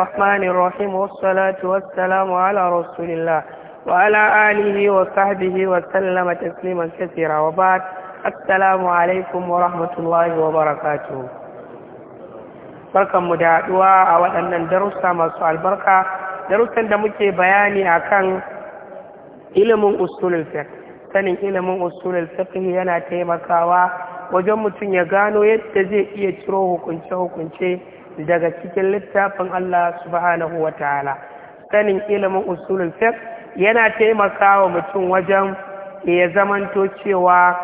الرحمن الرحيم والصلاة والسلام على رسول الله وعلى آله وصحبه وسلم تسليما كثيرا وبعد السلام عليكم ورحمة الله وبركاته barkanmu da haɗuwa a waɗannan darussa masu albarka darussan da muke bayani akan ilimin usulul fiqh sanin ilimin usulul fiqh yana taimakawa wajen mutum ya gano yadda zai iya ciro hukunce-hukunce daga cikin littafin Allah subhanahu wa ta'ala sanin ilimin usulul fiqh yana taimakawa mutum wajen ya zamanto cewa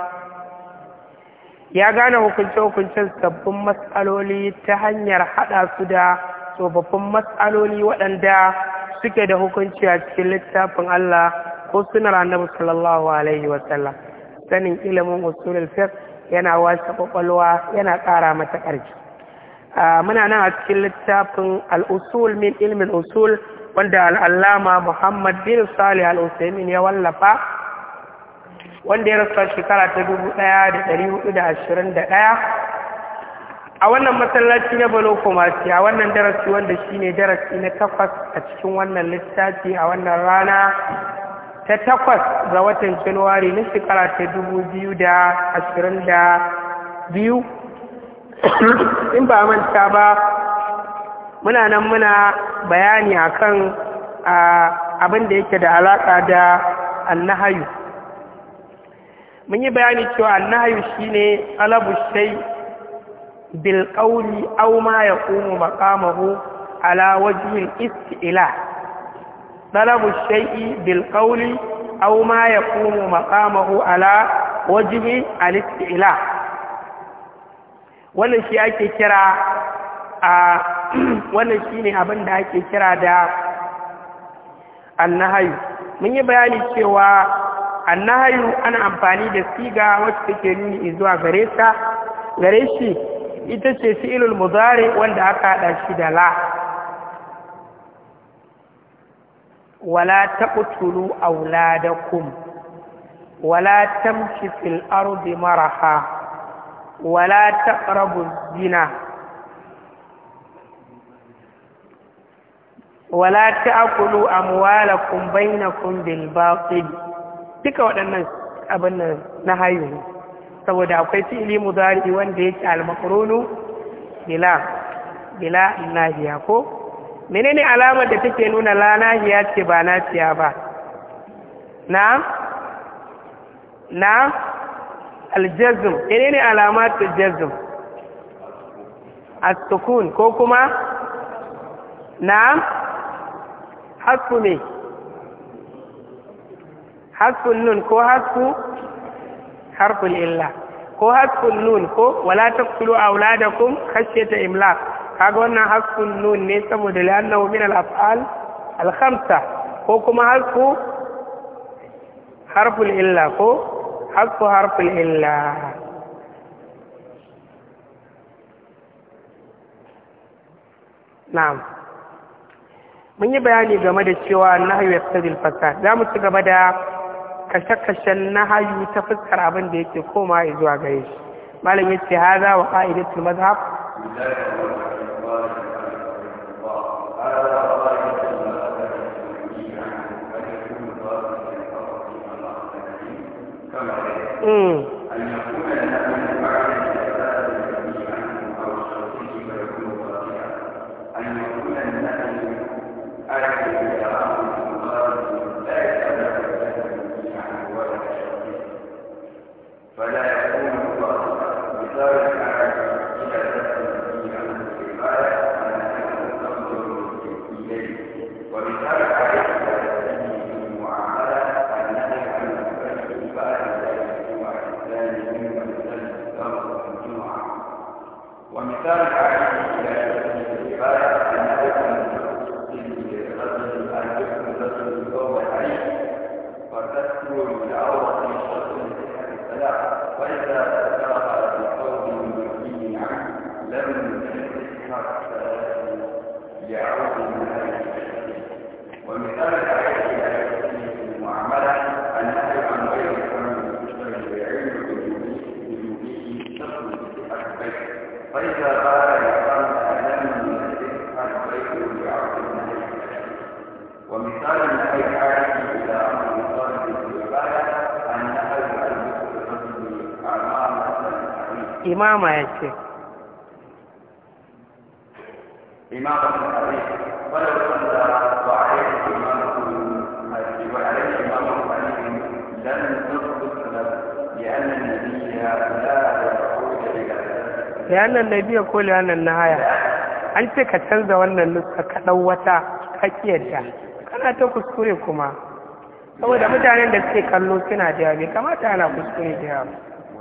ya gane hukunce-hukuncen sabbin matsaloli ta hanyar haɗa su da tsofaffin matsaloli waɗanda suke da hukunci a cikin littafin Allah ko sunar annabi sallallahu alaihi sallam sanin ilimin usulul fiqh yana wasa kwakwalwa yana ƙara mata ƙarfi Ah, muna nan a cikin littafin al'usul min ilmin usul wanda al'allama muhammad bin salih al’usulmin ya wallafa wanda ya rasuwa shekara ta dubu ɗaya da ɗari hudu da ashirin da ɗaya a wannan masallaci na balo kumasi a wannan darasi wanda shi ne darasi na takwas a cikin wannan littafi a wannan rana ta takwas ga watan januwari na shekara ta dubu biyu da ashirin da biyu in ba manta ba muna nan muna bayani akan abin da yake da alaƙa da annahayu mun yi bayani cewa annahayu shine alabu shay bil qawli aw ma yaqumu maqamahu ala wajhi istila talabu shay'i bil qawli aw ma yaqumu maqamahu ala wajhi al istila wannan shi ake kira a wannan shi ne abin da ake kira da annahayu mun yi bayani cewa annahayu ana amfani da siga wacce take nuni zuwa gare ta gare shi ita ce fi'ilul mudari wanda aka haɗa shi da la wala taqtulu auladakum wala tamshi fil ardi maraha wala taqrabu zina wala ta'kulu amwalakum bainakum bil batil duka waɗannan abin nan na hayu saboda akwai fi'ili mudari wanda yake al-maqrunu bila bila nahiya ko menene alamar da take nuna la nahiya ce ba nafiya ba na na aljazm ene ne alamatul jazm as-sukun ko kuma na'am hasfu ne hasfun nun ko hasfu harful illa ko hasfun nun ko wala taqtulu auladakum khashyata imlaq kaga wannan hasfun nun ne saboda lannahu min al-af'al al-khamsa ko kuma hasfu harful illa ko حذف حرف العلة نعم mun yi bayani game da cewa nahayu ya fi fasad za mu ci gaba da kashe-kashen nahayu ta fuskar abin da yake koma zuwa gare shi malam yace haza wa qa'idatul mazhab 嗯。imama ya ce imama liyanan na biya ko liyanan na haya an ce ka canza wannan nuska ka ɗau wata kakiyarta kana ta kuskure kuma saboda mutanen da suke kallo suna jawabi kamata ana kuskure da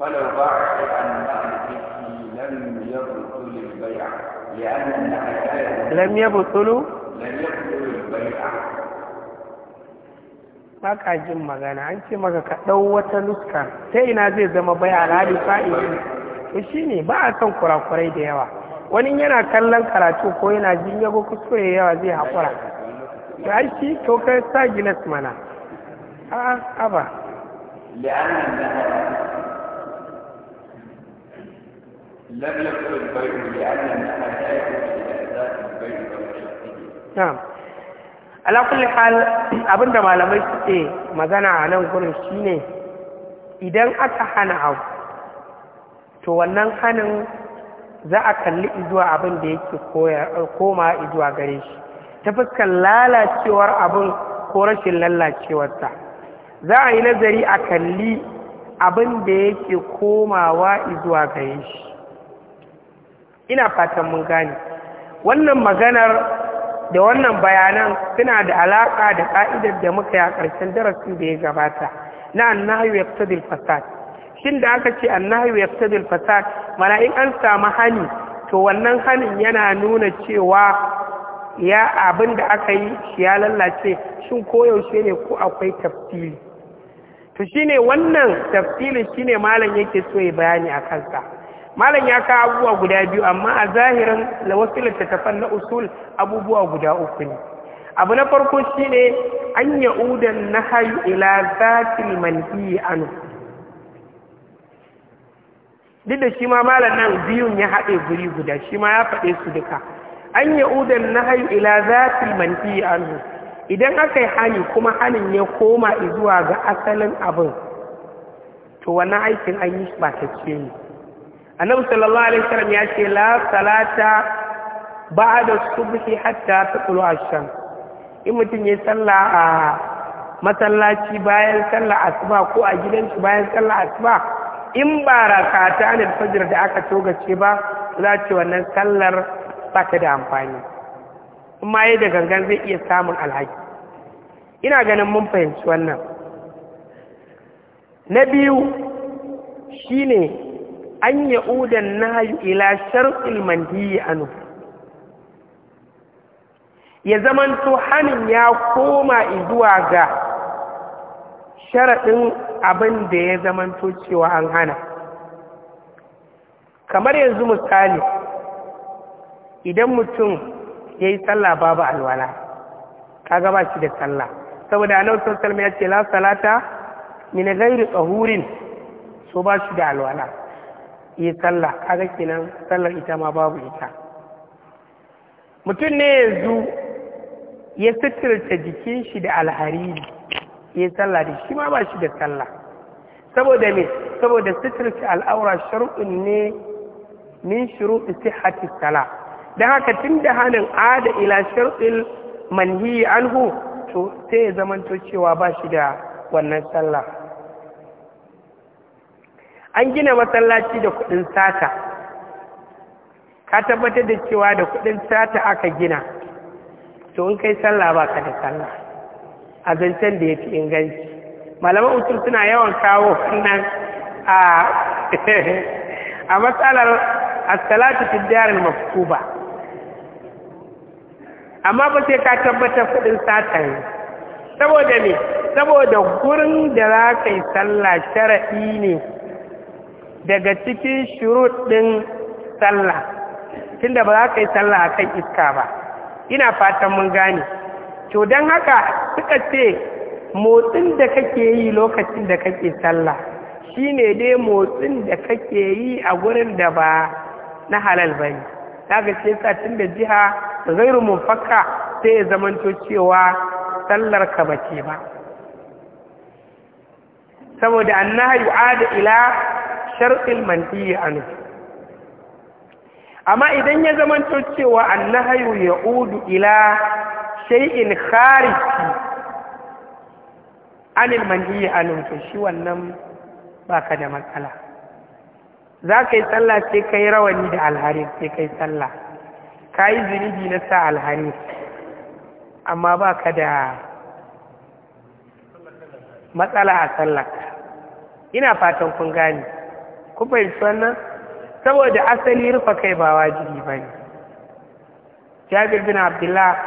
فلو باع عن مالكه لم يبطل البيع لان لم يبطل لم يبطل البيع baka jin magana an ce maka ka ɗau wata nuska ta ina zai zama bai alhali fa'ili to shine ba a kan kurakurai da yawa wani yana kallon karatu ko yana jin yago kuskure yawa zai haƙura to ai shi to ka sa gilas mana a'a aba da لم يكن البيع لأن النحل لا يكون لأجزاء البيع نعم ala kulli hal abinda malamai suke magana a nan gurin shine idan aka hana abu to wannan hanin za a kalli izuwa abin da yake koma izuwa gare shi ta fuskar lalacewar abin ko rashin lalacewarsa za a yi nazari a kalli abin da yake komawa izuwa gare shi ina fatan mun gani wannan maganar da wannan bayanan suna da alaƙa da ƙa'idar da muka yi a ƙarshen darasin da ya gabata na annahu yaqtadil fasad shin da aka ce annahu yaqtadil fasad mana in an samu hani to wannan hanin yana nuna cewa ya abin da aka yi shi ya lallace shin koyaushe ne ko akwai tafsiri to shine wannan tafsirin shine malam yake so ya bayani a kansa malam ya kawo abubuwa guda biyu amma a zahirin wasu littattafan na usul abubuwa guda uku ne abu na farko shi ne an na hayu ila zafin manhi anu duk da shi ma malam nan biyun ya haɗe guri guda shi ma ya faɗe su duka an na hayu ila zafin manhi anu idan aka yi hani kuma hanin ya koma zuwa ga asalin abin to wannan aikin an yi ba ta ce ne annabi sallallahu alaihi wasallam ya ce la salata ba'da subhi hatta tatlu ash in mutum ya salla a masallaci bayan salla asuba ko a gidan shi bayan salla asuba in ba rakata ne fajr da aka togace ba za ce wannan sallar ba ta da amfani amma yayin da gangan zai iya samun alhaki ina ganin mun fahimci wannan na biyu shine an ya'udan nahyu ila shar'il ya anu ya zamanto hanin ya koma zuwa ga sharaɗin abin da ya zamanto cewa an hana kamar yanzu misali idan mutum ya yi sallah babu alwala kaga ba shi da sallah saboda nawa sallallahu ya ce la salata min ghairi tahurin so ba shi da alwala yi sallah kaga kenan sallar ita ma babu ita mutum ne yanzu ya suturta jikin shi da alhariri ya sallah da shi ma ba shi da sallah saboda me saboda suturta al'aura shar'un ne min shuruɗi sihhati sala don haka tun da hannun ada ila sharuɗin manhi anhu to sai ya zamanto cewa ba shi da wannan sallah an gina masallaci da kuɗin sata ka tabbatar da cewa da kuɗin sata aka gina to in kai sallah ba ka da sallah a zancen da ya fi inganci malaman usul suna yawan kawo wannan a a matsalar assalatu fi daril mafkuba amma ba sai ka tabbatar kuɗin sata ne saboda ne saboda gurin da za ka yi sallah sharaɗi ne daga cikin shirut ɗin sallah tunda ba za ka yi sallah a kan iska ba ina fatan mun gane to don haka suka ce motsin da kake yi lokacin da kake sallah shine dai motsin da kake yi a gurin da ba na halal ba ne daga ce tun da jiha zairu faka sai ya zamanto cewa sallar ka bace ba saboda annaha yu'ada ila sharqil manhiyi anhu amma idan ya zamanto cewa annahayu ya'udu ila shay'in khariji anil mantiyi anhu to shi wannan baka da matsala za ka yi sallah sai ka yi rawani da alhari sai ka yi sallah ka yi zunubi na sa alhari amma ba ka da matsala a sallah ina fatan kun gane Ku fahimci wannan saboda asali rufa kai ba wajibi ba ne jabir bin abdullah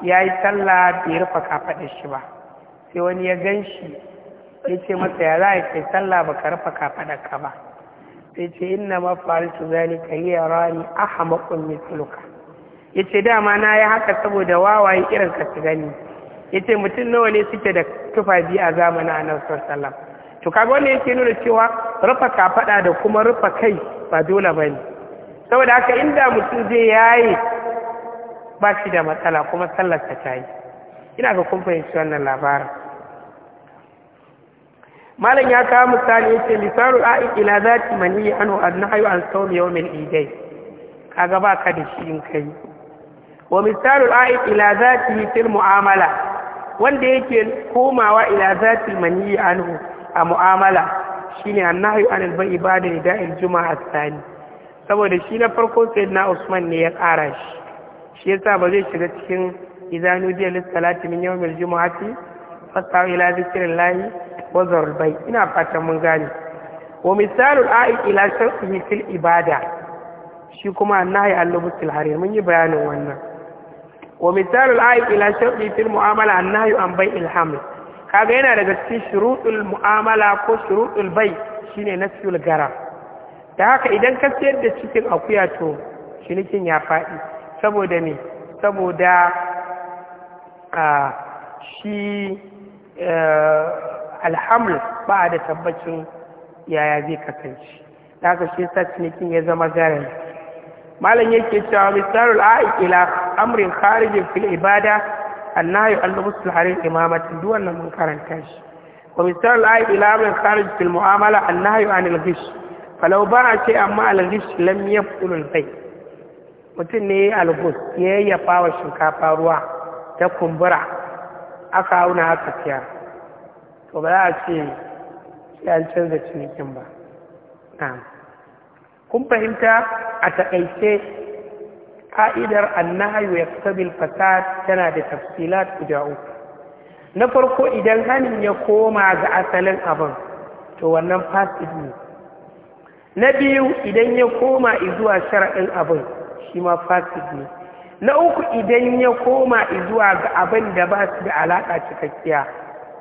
ya yi sallah bai rufa kafaɗar shi ba sai wani ya gan shi ya ce masa ya za a kai sallah ba ka rufa kafaɗar ka ba sai ce inna ma faritu zalika hiya rani ahmaqun mithluka yace dama na yi haka saboda wawaye irin ka su gani yace mutum nawa ne suke da tufa biyu a zamanin annabi sallallahu alaihi to kaga wannan yake nuna cewa rufa kafada da kuma rufa kai ba dole bane saboda haka inda mutum zai yaye ba shi da matsala kuma sallar ta tayi ina ga kun fahimci wannan labarin malam ya kawo misali yake lisaru a'i ila zati mani anu annahu an sawm yawmin idai kaga ba ka da shi in kai wa misalul a'id ila zati fil mu'amala wanda yake komawa ila zati mani anhu a mu'amala shi shine annahyu anil bai'i ba'da nida'il juma'a tsani saboda shi na farko na Usman ne ya ƙara shi shi yasa ba zai shiga cikin idanu diya lissalati min yawmil jumu'ati fasaw ila zikrillahi wa zarul bai ina fatan mun gane wa misalul a'id ila shartihi fil ibada shi kuma annahi al-lubusil harir mun yi bayanin wannan wa misalul a'id ila shartihi fil mu'amala annahi an bai ilhamil kaga yana daga cikin shuruɗul mu'amala ko shuruɗul bai shine nasyul gara da haka idan ka siyar da cikin akuya to cinikin ya faɗi saboda ne saboda a shi e, alhamul ba da tabbacin yaya zai kasance da haka shi sa cinikin ya zama garin malam yake cewa misalul a'ikila amrin kharijin fil ibada annahi al-musul harin imamati duk wannan mun karanta shi wa misal al ila min kharij fil mu'amala annahi an al-ghish falau ba'a ce amma al-ghish lam yaf'ul al-bay mutum ne al-ghus ya yafa wa shinkafa ruwa ta kumbura aka auna aka siya to ba za a ce sai an canza cinikin ba na'am kun fahimta a takaice ka'idar annahayu ya sabil fasad tana da tafsilat guda uku na farko idan hannun ya koma ga asalin abin to wannan fasid ne na biyu idan ya koma izuwa shara'in abin shi ma fasid ne na uku idan ya koma izuwa ga abin da ba su da alaƙa cikakkiya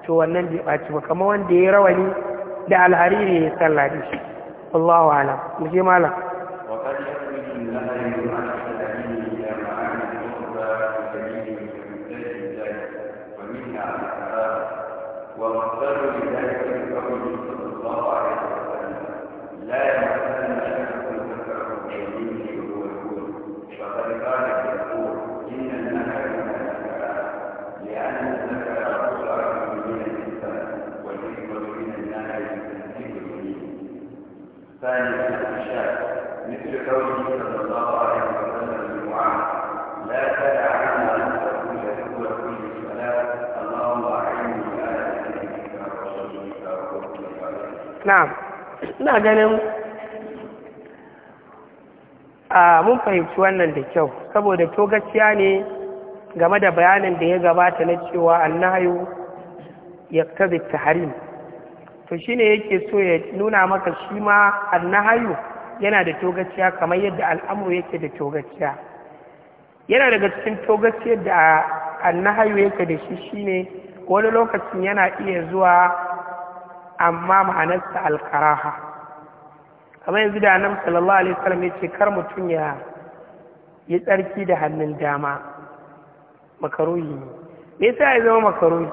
to wannan bai ɓaci ba kamar wanda ya rawani da ne, ya sallah da shi Allahu alam mu je malam na ina ganin a mun fahimci wannan da kyau saboda to ne game da bayanin da ya gabata na cewa annahayu ya tabi taharim to shine yake so ya nuna maka shi ma annahayu yana da togaciya kamar yadda al'amuru yake da togaciya yana daga cikin togaciyar da annahayu yake da shi shine wani lokacin yana iya zuwa amma ma'anarsa alkaraha kamar yanzu da annabi sallallahu alaihi wasallam ya ce kar mutum ya yi tsarki da hannun dama makaruhi ne me yasa ya zama makaruhi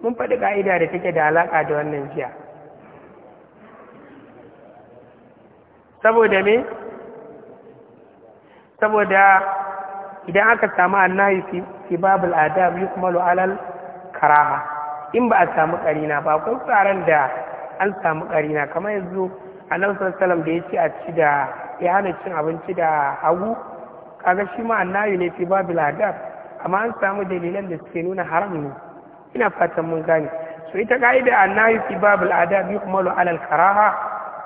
mun faɗi ka'ida da take da alaƙa da wannan jiya saboda me saboda idan aka samu annahi fi babul adab yukmalu alal karaha in ba a samu karina ba akwai tsaron da an samu ƙarina kamar yanzu a nan sallallahu da ya ce a ci da ya hana cin abinci da hagu kaga shi ma annabi ne fi babu l'adar amma an samu dalilan da suke nuna haram ne ina fatan mun gane so ita ka'ida annabi fi l'adar yi kuma alal karaha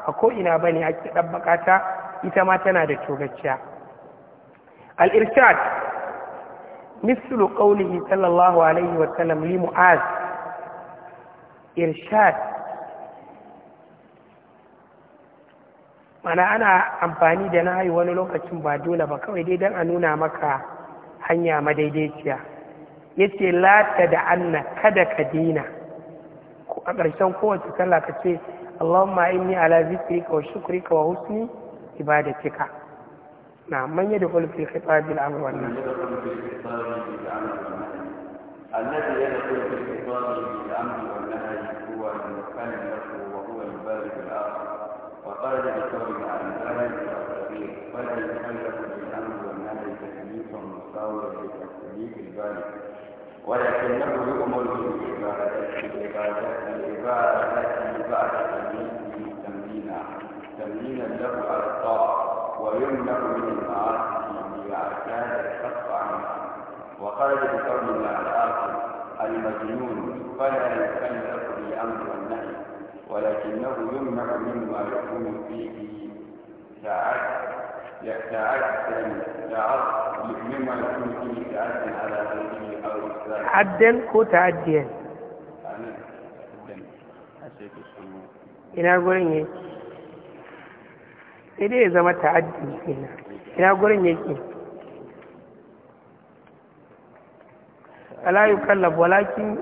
a ko ina ne ake ɗan ta ita ma tana da togacciya al irshad mislu qawlihi sallallahu alaihi wa sallam li mu'az irshad mana ana amfani da na yi wani lokacin ba dole ba kawai dai don a nuna maka hanya madaidaiciya yace lata da anna kada ka dina a ƙarshen kowace sallah ka ce Allahumma inni ala zikrika wa shukrika wa husni ibadatika na manya man yadkhul fi khitab al amr wal nahy الذي يدخل في الخطاب وكان له وهو البارد الآخر وخرج بثوب عن ذلك الأخرين فلا يتملك بالأمر والنهي تكليفا مساويا لتكليف البارد ولكنه يؤمر بالعبادة العبادة العبادة بعد تمييزه تمرينا تمرينا له على الطاعة ويمنع من المعاصي ليعتاد الحق عنها وخرج بقول الله الآخر المجنون فلا يكلف الأمر والنهي ولكنه يمنع ما يكون فيه تعدى تعدى مما يكون فيه تعدى على غيره أو إفساد عدا كو تعديا ina gurin yake sai dai ya zama ta'addi kenan ina gurin yake فلا يكلف ولكن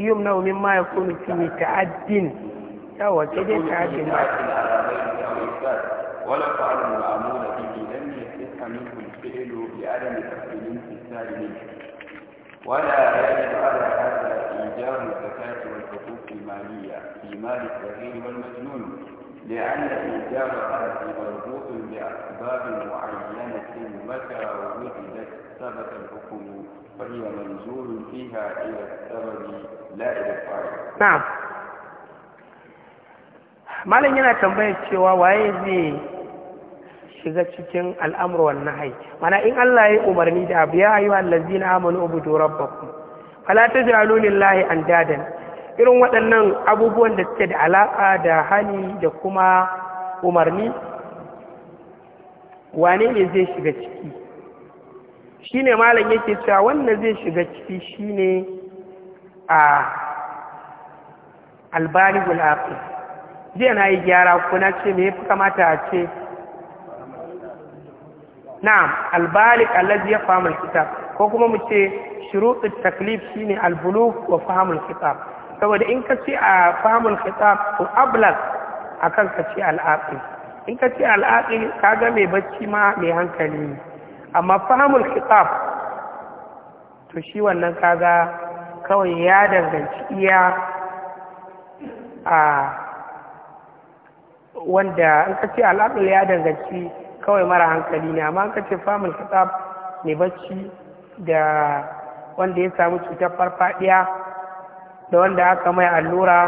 يمنع مما يكون فيه تعد أو كده تعد ولا فعل المعمول به لم يصح منه الفعل بعدم تقديم السالم ولا يجب على هذا ايجار الزكاة والحقوق المالية في مال الصغير والمجنون لأن هذا مربوط بأسباب معينة متى وجدت ثبت الحكم فهي malam yana tambayar cewa waye zai shiga cikin al'amur wannan hai mana in Allah ya yi umarni da abu ya ayyuha allazina amanu ubudu rabbakum fala taj'alu lillahi andadan irin waɗannan abubuwan da suke da alaƙa da hani da kuma umarni wane ne zai shiga ciki Shi ne malam yake cewa wannan zai shiga ciki shi ne a albani gulafi jiya na yi gyara kuna ce me fi kamata a ce Na albali allazi ya fahimu kitab ko kuma mu ce shurutut taklif shi ne albulu wa fahmul kitab saboda in ka ce a fahmul kitab to a akan ka ce al'aƙi. in ka ce ka ga mai bacci ma mai hankali ne amma fahimul kitab to shi wannan kaga kawai ya danganci iya a wanda an kace ce al'adul ya danganci kawai mara hankali ne amma an kace fahimul kitab ne bacci da wanda ya samu cutar farfadiya da wanda aka mai allura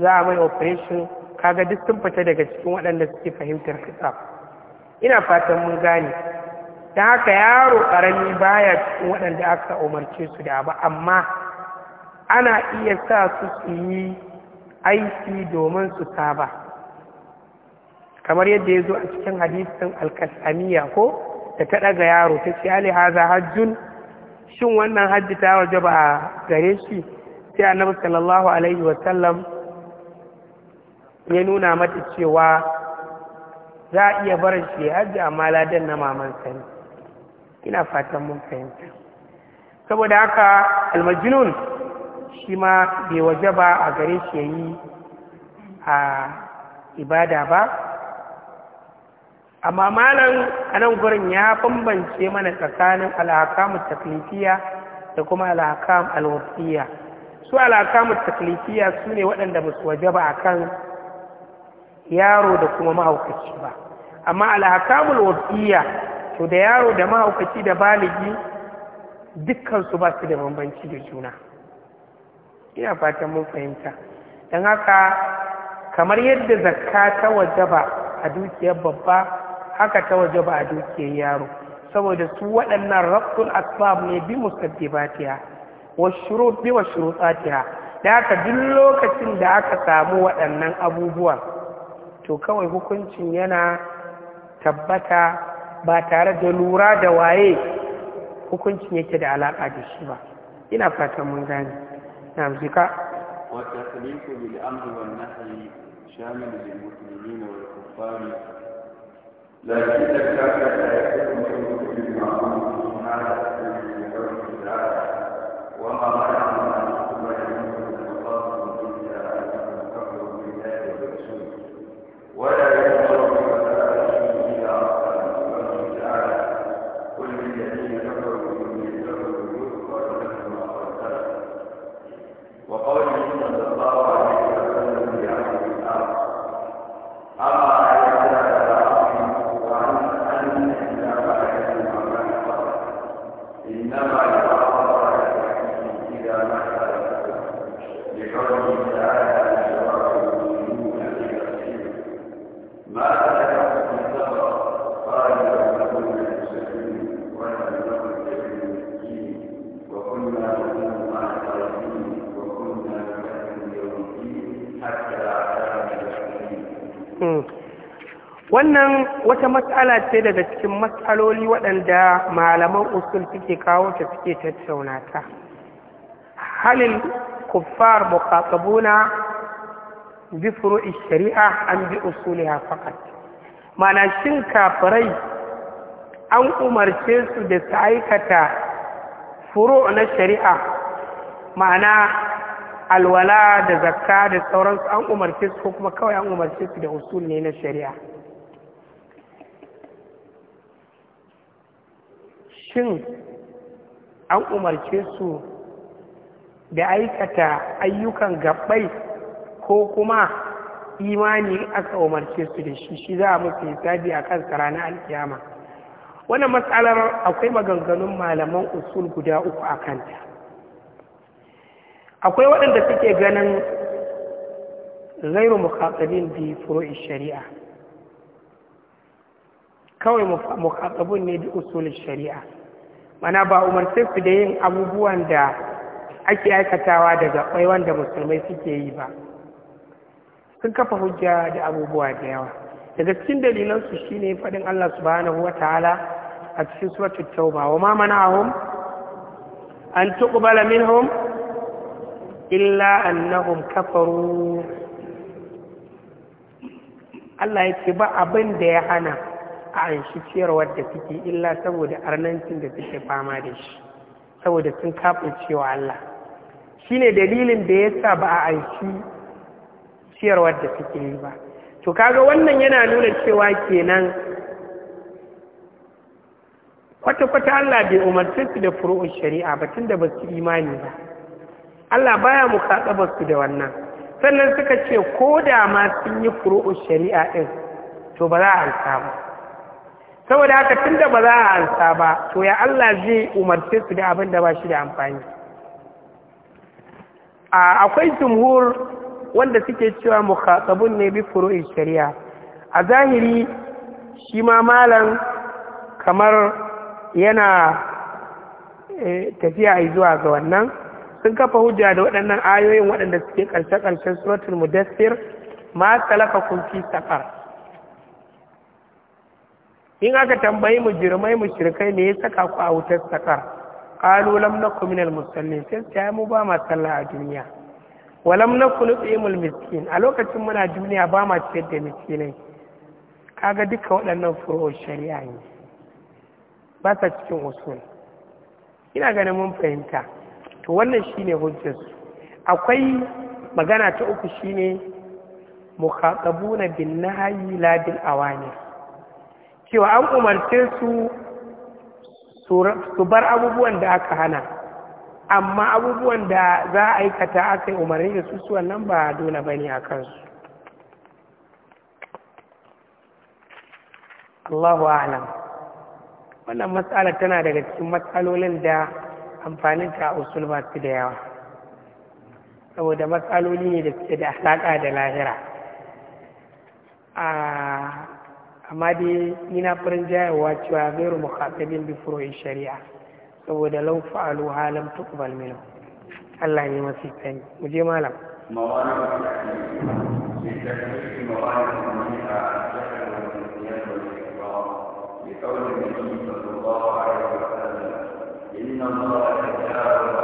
za a mai operation kaga duk sun fita daga cikin waɗanda suke fahimtar kitab ina fatan mun gane da haka yaro ƙarami baya cikin waɗanda aka umarce su da ba amma ana iya sa su su yi aiki domin su saba kamar yadda ya zo a cikin hadisin alkasamiya ko da taɗa ga yaro ta ce ali haza hajjun shin wannan hajji ta waje ba a gare shi sai annabi sallallahu alaihi wasallam ya nuna mata cewa za a iya barin shi hajji amma ladan na maman sani ina fatan mun fahimta saboda haka almajinun shi ma bai waje ba a gare shi ya yi a ibada ba amma malam a nan gurin ya bambance mana tsakanin alhakamu taklifiya da kuma alhakam alwafiya su alhakamu taklifiya su ne waɗanda ba su waje ba a kan yaro da kuma mahaukaci ba amma alhakamul alwafiya to da yaro da mahaukaci da baligi dukkansu ba su da bambanci da juna ina fatan mun fahimta don haka kamar yadda zakka ta waje ba a dukiyar babba haka ta waje ba a dukiyar yaro saboda su waɗannan rabtul asbab ne bi musabbibatiha wa shurut bi wa tsatiya. da haka duk lokacin da aka samu waɗannan abubuwan to kawai hukuncin yana tabbata ba tare da lura da waye hukuncin yake da alaƙa da shi ba ina fatan mun gane na amsika wata khalifu bil amri wan nahyi shamil lil muslimin wal kuffar la ta matsala ce daga cikin matsaloli waɗanda malaman usul suke kawo ta suke tattauna ta halin kuffar muqatabuna bi furu'i shari'a an bi usuliha faqat mana shin kafirai an umarce su da su aikata furu' na shari'a ma'ana alwala da zakka da sauransu an umarce su ko kuma kawai an umarce su da usul ne na shari'a shin an umarce su da aikata ayyukan gabbai ko kuma imani aka umarce su da shi shi za a ya hisabi a kan sarana alkiyama wannan matsalar akwai maganganun malaman usul guda uku a kanta akwai waɗanda suke ganin zairu mukhatabin bi in shari'a kawai mukhatabun ne bi usulin shari'a mana ba umarce su da yin abubuwan da ake aikatawa daga kai wanda musulmai suke yi ba sun kafa hujja da abubuwa da yawa daga cikin dalilansu shine faɗin Allah subhanahu wa ta'ala a cikin suratul tauba wa ma mana'ahum an tuqbala minhum illa annahum kafaru Allah ya ba abin da ya hana a anshi ciyarwar da suke illa saboda arnancin da suke fama da shi saboda sun kafin cewa Allah shi ne dalilin da ya sa ba a anshi ciyarwar da suke yi ba to kaga wannan yana nuna cewa kenan kwata-kwata Allah bai umarci su da furu'un shari'a ba tun da ba su imani ba Allah baya mukaɗa su da wannan sannan suka ce ko da ma sun yi furu'un shari'a ɗin to ba za a alka ba saboda haka tun da ba za a ansa ba to ya Allah zai umarce su da abin da ba shi da amfani akwai jumhur wanda suke cewa mukhatabun ne bi furu'i shari'a a zahiri shi ma malam kamar yana eh, tafiya zuwa ga wannan sun kafa hujja da waɗannan ayoyin waɗanda suke ƙarshe-ƙarshen suratul mudassir ma talaka kun fi safar in aka tambayi mujirmai mushrikai ne ya saka ku a wutar sakar qalu lam nakum al musallin sai ta mu ba ma sallah a duniya wa lam nakun nutimul miskin a lokacin muna duniya ba ma ciyar da miskinai kaga duka waɗannan furo shari'a ne ba sa cikin usul ina ganin mun fahimta to wannan shine hujjarsu akwai magana ta uku shine mukhatabuna bin nahyi la bil awamir cewa an umarce su su bar abubuwan da aka hana amma abubuwan da za a aikata aka yi umarni da su su wannan ba dole bane a kansu Allahu alam wannan matsala tana daga cikin matsalolin da amfanin ta usul ba su da yawa saboda matsaloli ne da suke da alaƙa da lahira ah, amma dai ina farin jayewa cewa gairu mukhatabin bi furu'in shari'a saboda law fa'alu halam tuqbal minhu Allah ne mafi sani mu je malam لقول النبي صلى الله عليه وسلم إن الله تعالى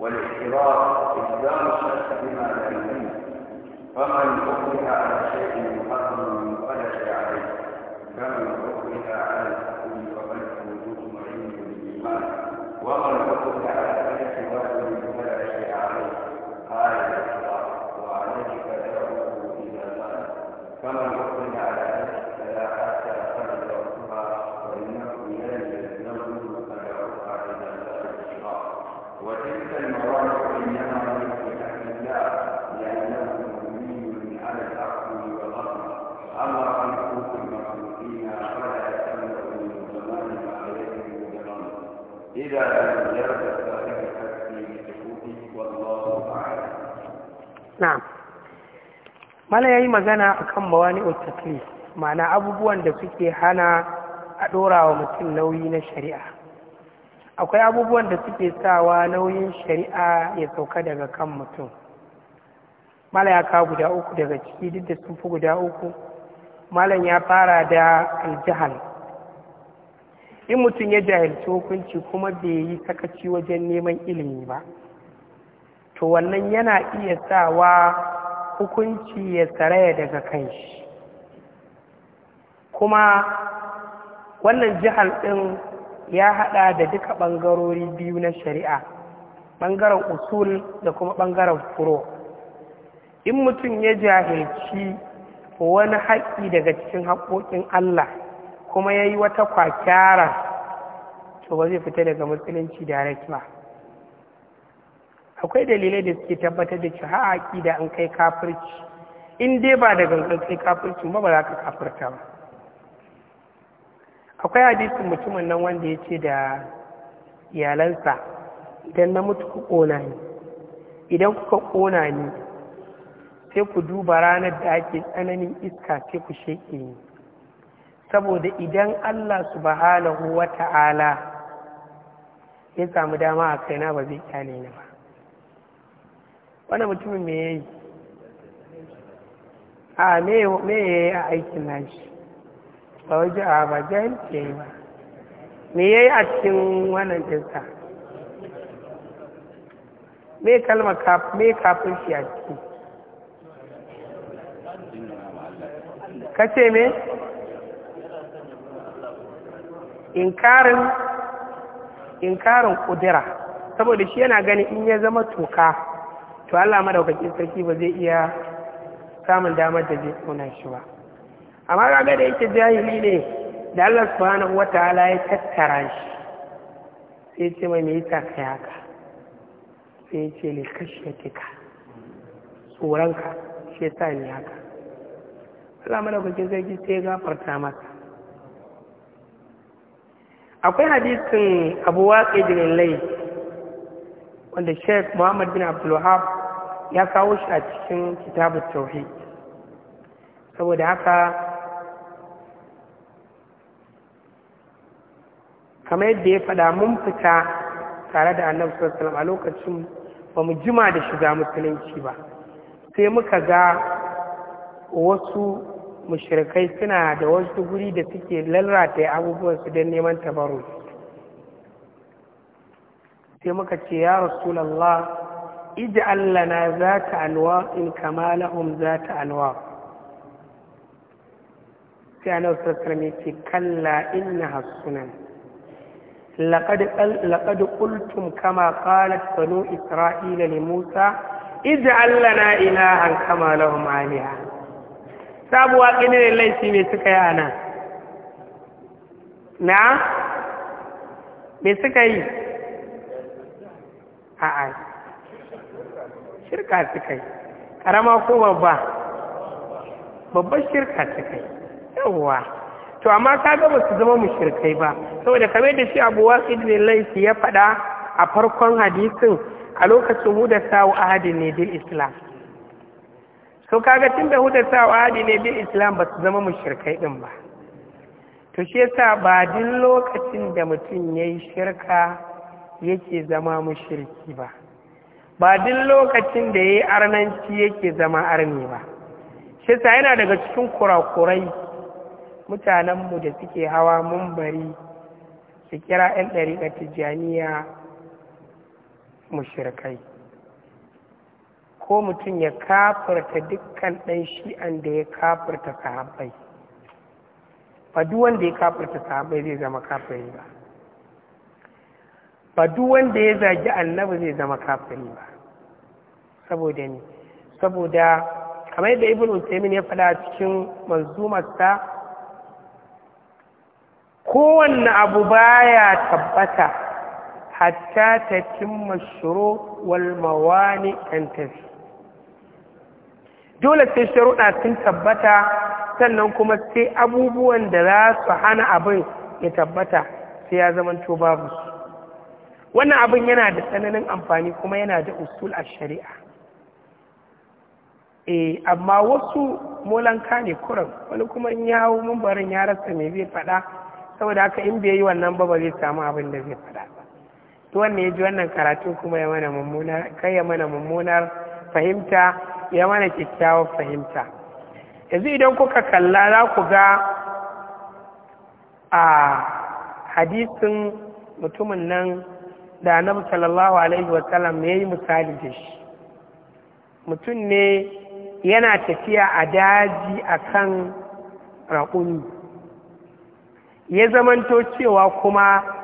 والاعتراف إلزام الشخص بما لا يهم فمن حكمها على شيء مقدم فلا شيء عليه فمن حكمها على الحكم فقد وجود معين بالإيمان ومن أكره na'am ya yi magana a akan mawani'ul otakli, ma'ana abubuwan da suke hana a ɗora wa mutum nauyi na shari'a akwai abubuwan da suke sawa nauyin shari'a ya sauka daga kan mutum mala ya kawo guda uku daga ciki duk da sun fi guda uku malam ya fara da aljihal in mutum ya jahilci hukunci kuma bai yi sakaci wajen neman ilimi ba to wannan yana iya sawa hukunci ya saraya daga kan shi kuma wannan jihar ɗin ya haɗa da duka ɓangarori biyu na shari'a ɓangaren usul da kuma ɓangaren furo in mutum ya jahilci wani haƙƙi daga cikin haƙƙoƙin Allah kuma ya yi wata kwakyara to ba zai fita daga musulunci direct ba akwai dalilai da suke tabbatar da cewa a an kai kafirci in dai ba da gangan kai kafirci ba ba za ka kafirta ba akwai hadisin mutumin nan wanda ya ce da iyalansa idan na mutu ku ƙona ni idan kuka ƙona ni sai ku duba ranar da ake tsananin iska sai ku sheƙe ni saboda idan Allah subhanahu wa ta'ala ya samu dama a kaina ba zai kyale ni ba wani mutumin me yayi a me yayi a aikin nashi ba waje a ba jahilci yayi ba me yayi a cikin wannan dinsa me kalma me kafin shi a ciki kace me inkarin inkarin kudura saboda shi yana gani in ya zama toka to Allah madaukakin sarki ba zai iya samun damar da zai kona shi ba amma kaga da yake jahili ne da Allah subhanahu wataala ya tattara shi sai ce mai me yasa kai haka sai ya ce ka tsoronka shi yasa ni haka Allah madaukakin sarki sai ya gafarta masa akwai hadisin abu waƙe jirilai wanda sheikh muhammad bin abdulwahab ya kawo shi a cikin kitabun tauhid saboda haka kamar yadda ya faɗa mun fita tare da annabu sassalam a lokacin ba mu jima da shiga musulunci ba sai muka ga wasu mushrikai suna da wasu guri da suke lalata abubuwan su don neman tabaru sai muka ce ya rasulallah ij'al lana zata anwa in kama lahum zata anwa sai annabi sallallahu alaihi wasallam ce kalla innaha sunan laqad laqad qultum kama qalat banu isra'ila li musa Allah na ilahan kama lahum aliha sabuwa ƙinirin laifi mai suka yi a nan na mai suka yi a'a shirka suka yi ƙarama ko babba babban shirka suka yi yawwa to amma ta gaba su zama mu ba saboda kamar da shi abuwa wasu laifi ya faɗa a farkon hadisin a lokacin hudasa wa ahadin ne dil islam to kaga tun da hudasa wadi ne bil islam ba su zama mushirkai din ba to shi yasa ba duk lokacin da mutum ya yi shirka yake zama mushirki ba ba duk lokacin da ya yi arnanci yake zama arni ba shi yasa yana daga cikin kurakurai mutanenmu da suke hawa mumbari su kira 'yan ɗariƙa tijjaniya mushirkai ko mutum ya kafarta dukkan ɗan shi'an da ya kafarta sahabbai ba duk wanda ya kafarta sahabbai zai zama kafiri ba ba duk wanda ya zagi annabi zai zama kafiri ba saboda ni saboda kamar da ibn usaimin ya faɗa cikin manzumarsa kowanne abu baya tabbata hatta ta cimma shuru wal mawani an tafi dole sai sharuɗa sun tabbata sannan kuma sai abubuwan da za su hana abin ya tabbata sai ya zamanto babu su wannan abin yana da tsananin amfani kuma yana da usul a shari'a eh amma wasu molanka ne kuran wani kuma in ya mun barin ya rasa mai zai faɗa saboda haka in bai yi wannan ba ba zai samu abin da zai faɗa ba to wannan ya ji wannan karatu kuma ya mana mummunar kai ya mana mummunar fahimta ya mana kyakkyawar fahimta yanzu idan kuka kalla za ku ga a hadisin mutumin nan da na sallallahu alaihi wasallam ya yi misali da shi mutum ne yana tafiya a daji a kan raƙuni ya zamanto cewa kuma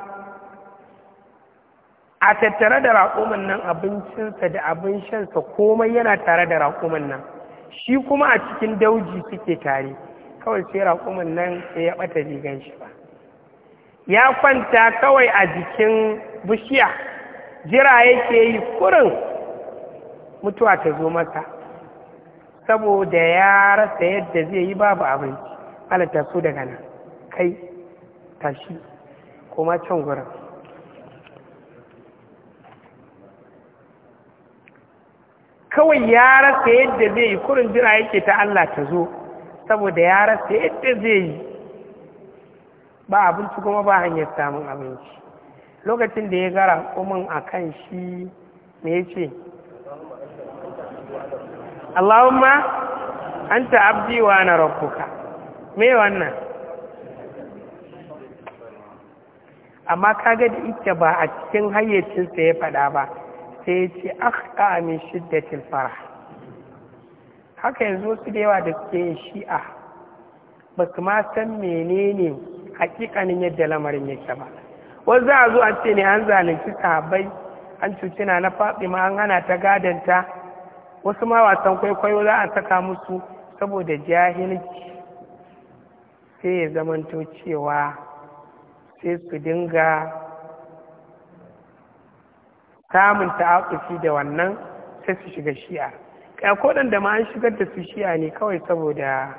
a tattare da raƙumin nan abincinsa da abin shansa komai yana tare da raƙumin nan shi kuma a cikin dauji suke tare kawai sai raƙumin nan sai ya ɓata rigan shi ba ya kwanta kawai a jikin bishiya jira yake yi kurin mutuwa ta zo masa saboda ya rasa yadda zai yi babu abinci halatta daga nan kai tashi kuma can gurin kawai ya rasa yadda zai yi kurin jira yake ta Allah ta zo saboda ya rasa yadda zai yi ba abinci kuma ba hanyar samun abinci lokacin da ya gara kumin a kan shi me ya ce Allahumma an abdi wa na me wannan amma kaga da ita ba a cikin hayyacinsa ya faɗa ba sai ya ce a min shiddatil fara haka yanzu wasu da yawa da suke shi'a ba su ma san menene hakikanin yadda lamarin yake ba wasu a zo ce ne an zalunci sahabbai an cuci na faɗi ma an hana ta gadanta wasu ma wasan kwaikwayo za a saka musu saboda jahilci sai ya zamanto cewa sai su dinga samun ta'akufi da wannan sai su shiga shi'a ƙaya ko da ma an shigar da su shi'a ne kawai saboda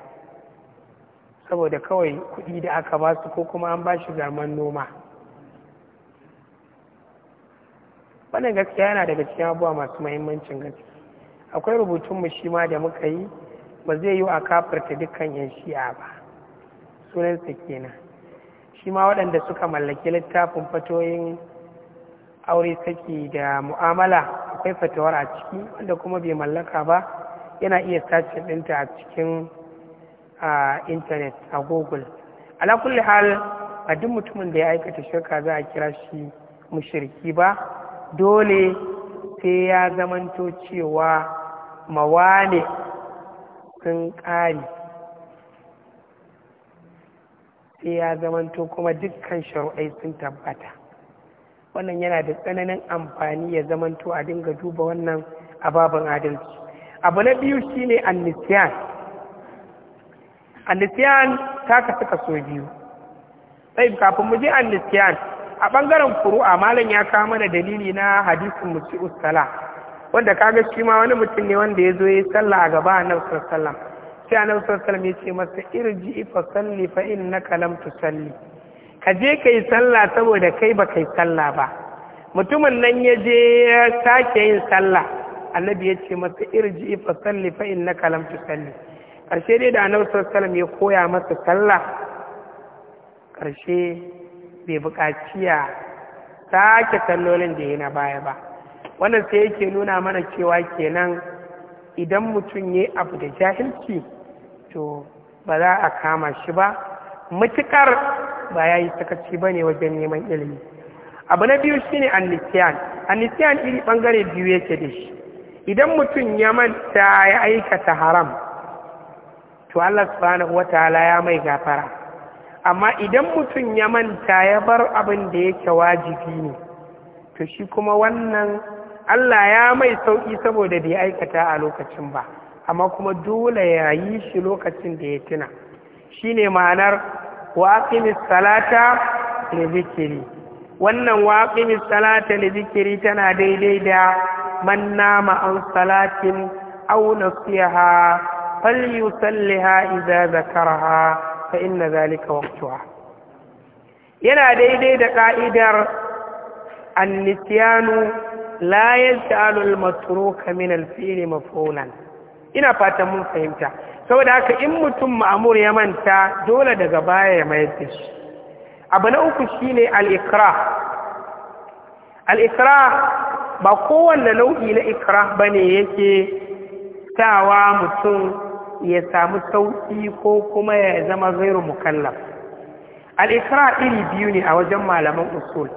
kawai kuɗi da aka ba su ko kuma an ba shi garman noma wannan gaskiya yana daga cikin abubuwa masu mahimmancin gaske. akwai rubutunmu shi ma da muka yi ba zai yi a kafarta dukkan yan shi'a ba sunansa kenan shi ma waɗanda suka mallaki littafin fatoyin aure saki da mu'amala akwai fatawar a ciki wanda kuma bai mallaka ba yana iya sace ɗinta a cikin a intanet a google ala kulli hal a duk mutumin da ya aikata shirka za a kira shi mushriki ba dole sai ya zamanto cewa mawane sun ƙari sai ya zamanto kuma dukkan shari'ai sun tabbata wannan yana da tsananin amfani ya zamanto a dinga duba wannan ababen adalci abu na biyu shine annisiyan annisiyan ta kasu kaso biyu sai kafin mu je annisiyan a bangaren kuru'a malam ya kawo mana dalili na hadisin musi ustala wanda kaga shi ma wani mutum ne wanda ya zo ya sallah a gaba a sallallahu sai a Sallam ya ce masa irji fa salli fa lam tusalli ka je ka yi sallah saboda kai ba ka yi sallah ba mutumin nan ya je ya sake yin sallah annabi ya ce masa irji fa salli fa kalam lam salli karshe dai da annabi sallallahu ya koya masa sallah karshe bai buƙaci ya sake sallolin da yana baya ba wannan sai yake nuna mana cewa kenan idan mutum ya abu da jahilci to ba za a kama shi ba matuƙar ba ya yi sakaci ba ne wajen neman ilimi abu na biyu shine annisiyan annisiyan iri bangare biyu yake da shi idan mutum ya manta ya aikata haram to Allah subhanahu wataala ya mai gafara amma idan mutum ya manta ya bar abin da yake wajibi ne to shi kuma wannan Allah ya mai sauƙi saboda bai aikata a lokacin ba amma kuma dole ya yi shi lokacin da ya tuna Shi ne ma'anar wa aqimis salata wannan wa aqimis salata tana daidai da man nama an salatin aw nasiha falyusalliha idza zakaraha fa inna zalika waqtuha yana daidai da ka'idar annisiyanu la yaj'alu al-matruka min al-fi'li maf'ulan ina fata mun fahimta saboda haka in mutum ma'amur ya manta dole daga baya ya mayar da shi abu na uku shine ne al’ikra al ba kowanne nau'i na ikra bane yake tawa mutum ya samu sauƙi ko kuma ya zama zairu mukallaf al iri biyu ne a wajen malaman usul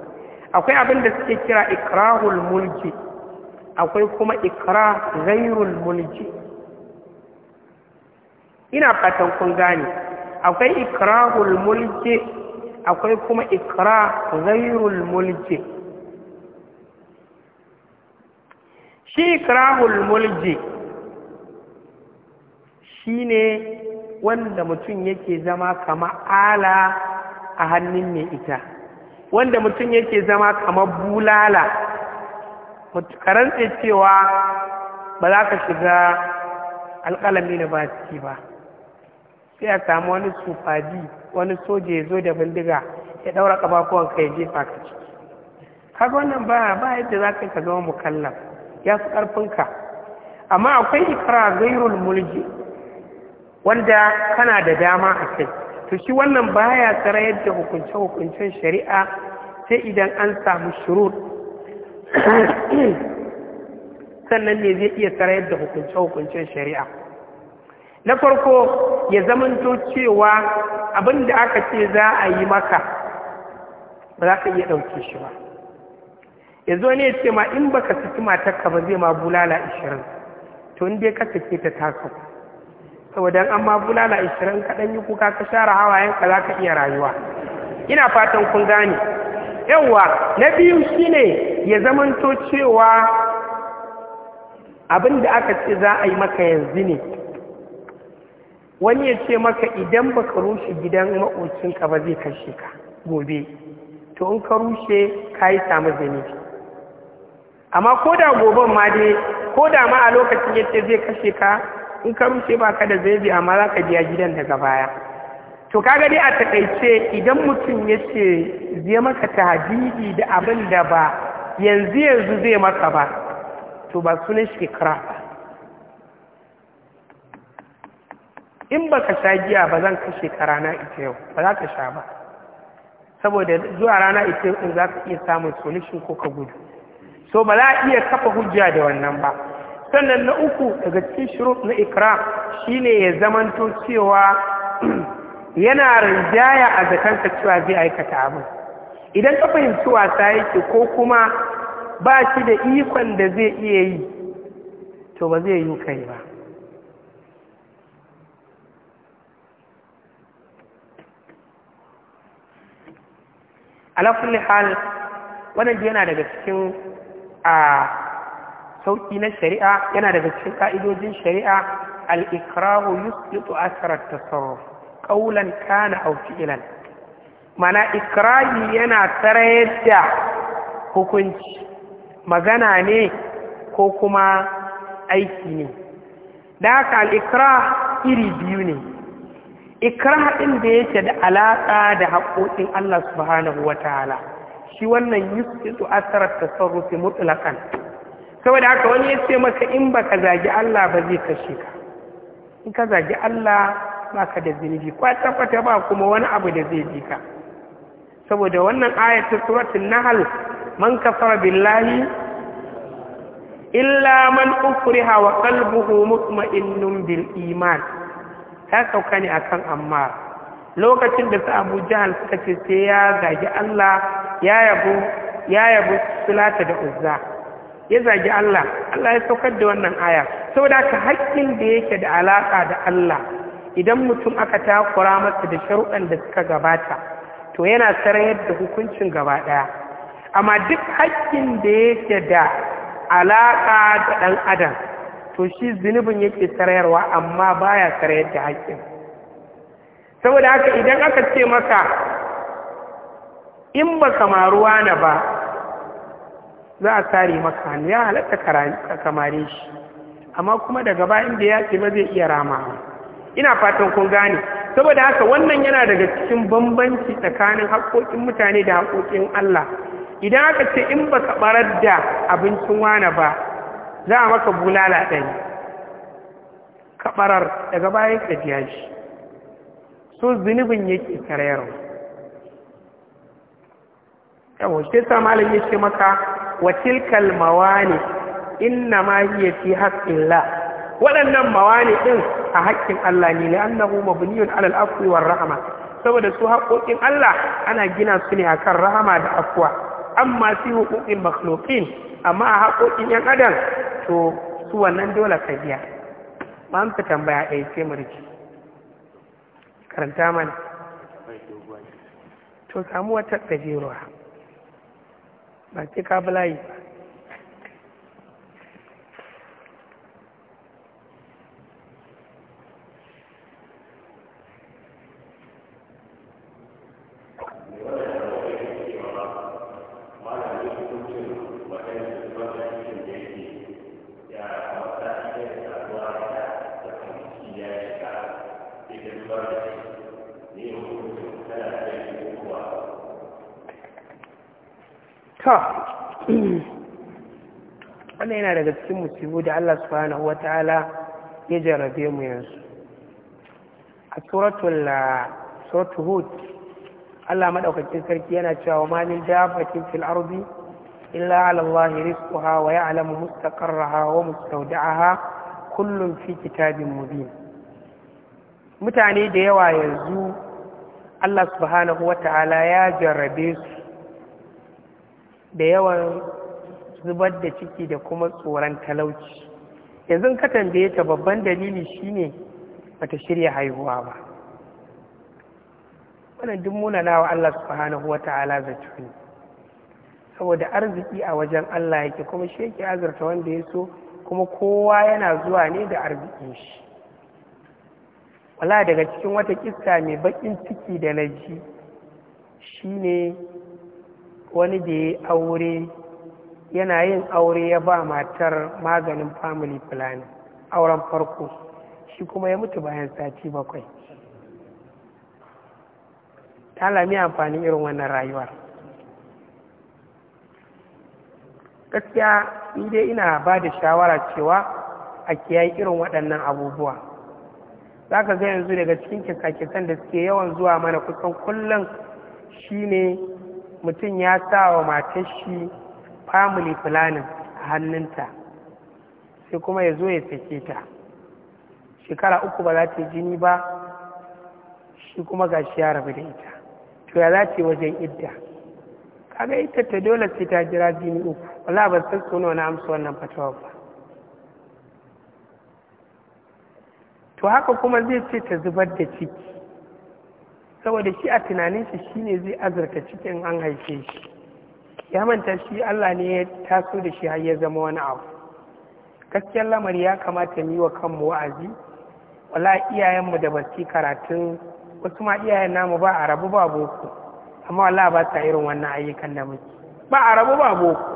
akwai abin da suke kira ikrahul mulki akwai kuma ikra zairul mulki ina fatan kun gane akwai ikrahul mulki akwai kuma ikra ghairul mulki shi ikrahul mulki shine wanda mutum yake zama kama ala a hannun mai ita wanda mutum yake zama kama bulala karantse cewa ba za ka shiga alƙalami na ba ba sai a samu wani sufadi wani soja ya zo da bindiga ya ɗaura kabakuwan ka ya jefa ka ciki kaga wannan ba ba yadda za ka ka zama mukallaf ya fi ka amma akwai ikra gairul mulki wanda kana da dama a kai to shi wannan baya tsara yadda hukunce-hukuncen shari'a sai idan an samu shirur sannan ne zai iya tsara yadda hukunce-hukuncen shari'a na farko ya zamanto cewa abin da aka ce za a yi maka ba za ka iya ɗauke shi ba ya zo ne ya ce ma in baka saki matarka ba zai ma bulala ishirin to inda dai ka sake ta taka saboda an ma bulala ishirin kaɗan, yi kuka ka share hawayenka za ka iya rayuwa ina fatan kun gane yawwa na biyu shi ne ya zamanto cewa abin da aka ce za a yi maka yanzu ne wani ya ce maka idan ba ka rushe gidan ka ba zai kashe ka gobe to in ka rushe ka yi samu zanibi amma ko da goben ma dai ko da ma a lokacin ya ce zai kashe ka in ka rushe ba ka da zaibi amma za ka biya gidan daga baya to kaga dai a takaice idan mutum ya ce zai maka tahadidi da abin da ba yanzu yanzu zai maka ba to ba sunan shekara ba in ba ka sha giya ba zan kashe ka rana ita yau ba za ka sha ba saboda zuwa rana ita yau za ka iya samun solution ko ka gudu so ba za a iya kafa hujja da wannan ba sannan na uku daga cikin shiru na ikram ne ya zamanto cewa yana rinjaya a zakansa cewa zai aikata abin idan ka fahimci wasa yake ko kuma ba shi da ikon da zai iya yi to ba zai yi kai ba ala kulli hal yana daga cikin a sauki na shari'a yana daga cikin ka'idojin shari'a al-ikrahu yusbitu asara tasarruf qawlan kana auki ilan. mana ikrahi yana tarayar da hukunci magana ne ko kuma aiki ne da haka al iri biyu ne ikrah din da yake da alaƙa da haƙoƙin Allah subhanahu wataala ta'ala shi wannan yusitu asarar tasarrufi mutlaqan saboda haka wani ya ce maka in baka zagi Allah ba zai kashe ka in ka zagi Allah baka da zunubi kwata kwata ba kuma wani abu da zai bi ka saboda wannan ayatu suratul nahl man kafara billahi illa man ukriha wa qalbuhu mutma'innun bil iman ta sauka ne akan amma lokacin da su abu jahal suka ce sai ya zagi allah ya yabo ya yabo sulata da uzza ya zagi allah allah ya saukar da wannan aya saboda ka haƙƙin da yake da alaƙa da allah idan mutum aka takura masa da sharuɗan da suka gabata to yana sarayar da hukuncin gaba ɗaya amma duk haƙƙin da yake da alaƙa da ɗan adam to shi zunubin yake sarayarwa amma baya sarayar da haƙƙin saboda haka idan aka ce maka in ba kamaruwa na ba za a tsari maka hannu ya halatta ka kamare shi amma kuma daga bayan inda ya ce ba zai iya ramawa ina fatan kun gane saboda haka wannan yana daga cikin bambanci tsakanin haƙoƙin mutane da haƙoƙin Allah idan aka ce in ba ka barar da abincin wane ba za a maka bulala ɗari kaɓarar daga bayan ka shi so zunubin yake karayarwa yawon shi ta malam ya ce maka wa kalmawa ne inna ma yi fi la? waɗannan mawa ne ɗin a haƙƙin Allah ne annahu mabniyun alal al-afwi war-rahma saboda su haƙoƙin Allah ana gina su ne akan rahama da afwa amma su huquqil makhluqin amma a haƙoƙin ‘yan adam to su wannan dole ka biya ba mu tambaya ɗaya sai mu rike karanta mana to samu wata gajeruwa ba sai ka bulayi ba ta wannan yana daga cikin musibu da Allah subhanahu wa ta'ala ya jarabe mu yanzu a suratul ah, hud Allah maɗaukacin sarki yana cewa ma min dafatin fil ardi illa Allah rizquha wa ya'lamu mustaqarraha wa mustawda'aha kullum fi kitabin mubin mutane da yawa yanzu Allah subhanahu wa ta'ala ya jarrabe su da yawan zubar da ciki da kuma tsoron talauci yanzu ka tambaye ta babban dalili shine bata shirya haihuwa ba wannan duk nawa Allah subhanahu ta'ala zato ne saboda arziki a wajen Allah yake kuma shi yake azurta wanda ya so kuma kowa yana zuwa ne da arzikin shi wala daga cikin wata kista mai bakin ciki da na ji shine wani da ya aure yana yin aure ya ba matar maganin family planning auren farko shi kuma ya mutu bayan sati bakwai ta lami amfanin irin wannan rayuwar gaskiya ni dai ina ba da shawara cewa a kiyaye irin waɗannan abubuwa za ka ga yanzu daga cikin kisa-kisan da suke yawan zuwa mana kusan kullum shine mutum ya sa wa matar shi family planning a hannunta sai kuma ya zo ya sake ta shekara uku ba za ta jini ba shi kuma ga shi ya rabu da ita to ya za ta wajen idda kaga ita ta dole sai ta jira jini uku wala ba san suno na amsa wannan fatawa ba to haka kuma zai ce ta zubar da ciki saboda shi a tunanin shi shine zai azurta cikin an haife shi ya manta shi Allah ne ya taso da shi har ya zama wani abu gaskiyar lamari ya kamata mu yi wa kanmu wa'azi wala iyayenmu da ba su karatun wasu ma iyayen namu ba a ba boko amma wala ba ta irin wannan ayyukan da muke ba a ba boko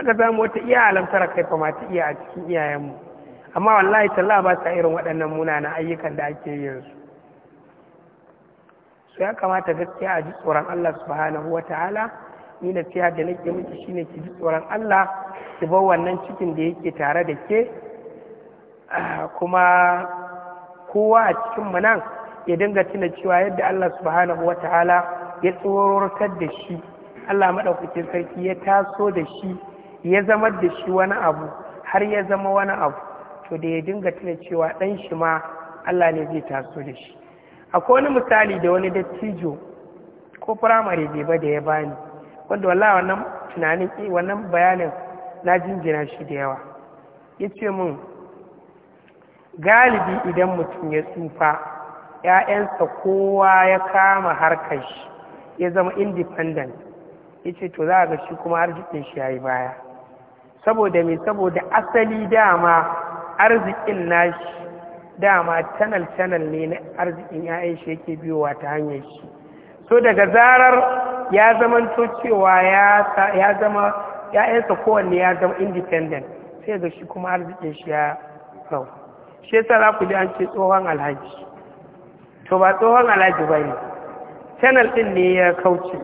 aka samu wata iya alamtara kai fa ma ta iya a cikin iyayenmu amma wallahi talla ba irin waɗannan munanan ayyukan da ake yin su ya kamata gaskiya a ji tsoron Allah subhanahu wa ta'ala ni na siya da nake miki shine ki ji tsoron Allah ki bar wannan cikin da yake tare da ke ah, kuma kowa a cikin mu nan ya dinga tuna cewa yadda Allah subhanahu wa ta'ala ya tsorotar da shi Allah madaukakin sarki ya taso da shi ya zama da shi wani abu har ya zama wani abu to da ya dinga tuna cewa dan shi ma Allah ne zai taso da shi akwai wani misali da wani dattijo ko firamare bai ba da ya bani wanda wallahi wannan tunanin eh wannan bayanin na jinjira shi da yawa ya ce min galibi idan mutum ya tsufa ‘ya'yansa kowa ya kama harkar shi ya zama independent ya ce to za a ga shi kuma arzikin shi ya yi baya saboda mai saboda asali dama arzikin nashi dama channel channel ne na arzikin ya'yan shi yake biyowa ta hanyar shi so daga zarar ya zamanto cewa ya zama ya'yansa kowanne ya zama independent sai ga shi kuma arzikin shi ya rau shi yasa za ku ji an ce tsohon alhaji to ba tsohon alhaji ba ne channel ɗin ne ya kauce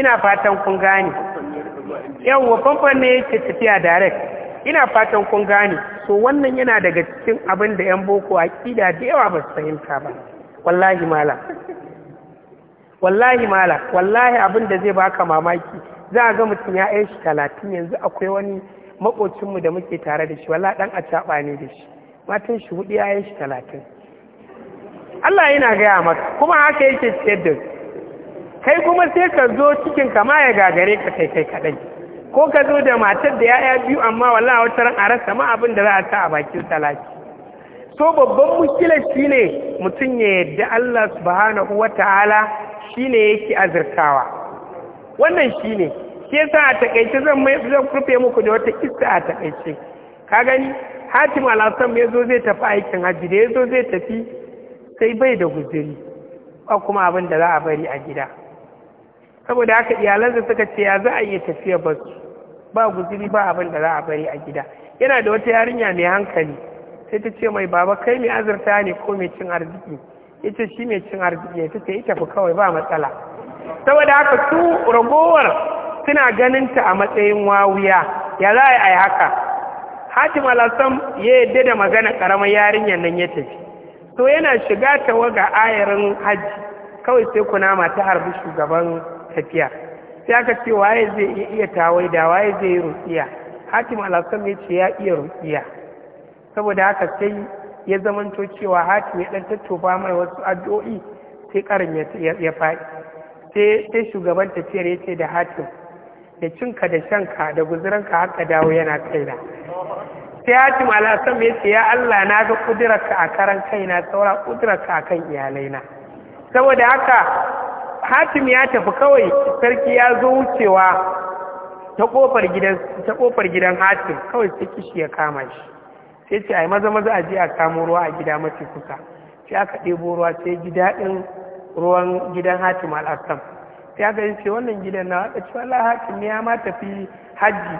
ina fatan kun gane yawwa famfan ne yake tafiya direct ina fatan kun gane to wannan yana daga cikin abin da yan boko a ƙida da yawa ba su fahimta ba wallahi mala wallahi mala wallahi abin da zai baka mamaki za a ga mutum ya yan shi talatin yanzu akwai wani makocinmu da muke tare da shi wala dan a ne da shi matan shi hudu ya yan shi talatin Allah yana gaya maka kuma haka yake ciyar da kai kuma sai ka zo cikin kama ya gagare ka kai kai kaɗai ko ka zo da matar da yaya biyu amma a wata ran a rasa ma abin da za a sa a bakin salati so babban mushkila shine mutum ya yadda Allah subhanahu wataala shine yake azurkawa. wannan shine shi yasa a takaice zan mai zan kurfe muku da wata kissa a takaice ka gani Hatim al-Hasan ya zo zai tafi aikin hajji da ya zo zai tafi sai bai da guzuri ba kuma abin da za a bari a gida saboda haka iyalansa suka ce ya za a iya tafiya ba su ba guziri ba abin da za a bari a gida yana da wata yarinya mai hankali sai ta ce mai baba kai mai azurta ne ko mai cin arziki ya ce shi mai cin arziki ta ce ita fi kawai ba matsala saboda haka su ragowar suna ganin ta a matsayin wawuya ya za a yi haka hatim alasam ya yadda da magana karamar yarinyar nan ya tafi to yana shiga tawaga ayarin hajji kawai sai kunama ta harbi shugaban tafiya sai aka ce waye zai iya tawai da waye zai yi rukiya hatim al-hasan ya ce ya iya rukiya saboda haka sai ya zamanto cewa hatim ya dan tattofa mai wasu addu'o'i sai karin ya faɗi sai shugaban tafiyar ya ce da hatim da cinka da shanka da guzuranka haka dawo yana kaina sai hatim al-hasan ya ce ya Allah na ga kudirarka a karan kaina saura a akan iyalaina saboda haka hatim ya tafi kawai sarki ya zo wucewa ta kofar gidan ta hatim kawai sai kishi ya kama shi sai ce ai maza maza a je a kamo ruwa a gida mafi kusa sai aka ɗebo ruwa sai ji daɗin ruwan gidan hatim al'asam sai aka yi ce wannan gidan na aka ce hatim ya ma tafi hajji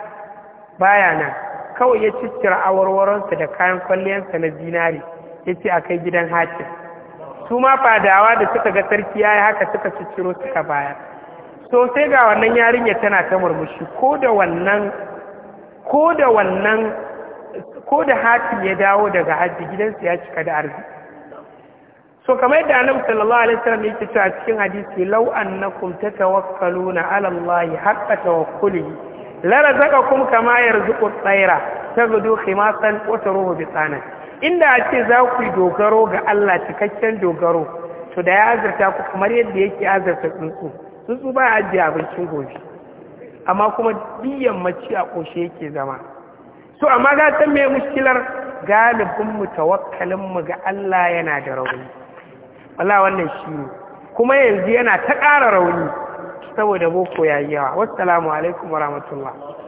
baya nan kawai ya cikira awarwaronsa da kayan kwalliyansa na zinari ya ce a kai gidan hatim su ma fadawa da suka ga sarki ya yi haka suka ciro suka baya so sai ga wannan yarinya tana ta murmushi ko da wannan ko da wannan ko da hatim ya dawo daga hajji gidansa ya cika da arziki so kamar yadda annabi sallallahu alaihi wasallam yake cewa a cikin hadisi law annakum tatawakkaluna ala allahi haqqa tawakkulihi la razaqakum kama yarzuqu at-tayra taghdu khimasan wa taruhu bi tsanan inda a ce za ku yi dogaro ga Allah cikakken dogaro to da ya azarta ku kamar yadda yake azarta tsuntsu tsuntsu ba a ajiye abincin gobe amma kuma biyan mace a ƙoshe yake zama so amma za ta mai mushkilar galibin mu tawakkalin mu ga Allah yana da rauni Wala wannan shi ne kuma yanzu yana ta ƙara rauni saboda boko ya yi yawa wassalamu alaikum warahmatullahi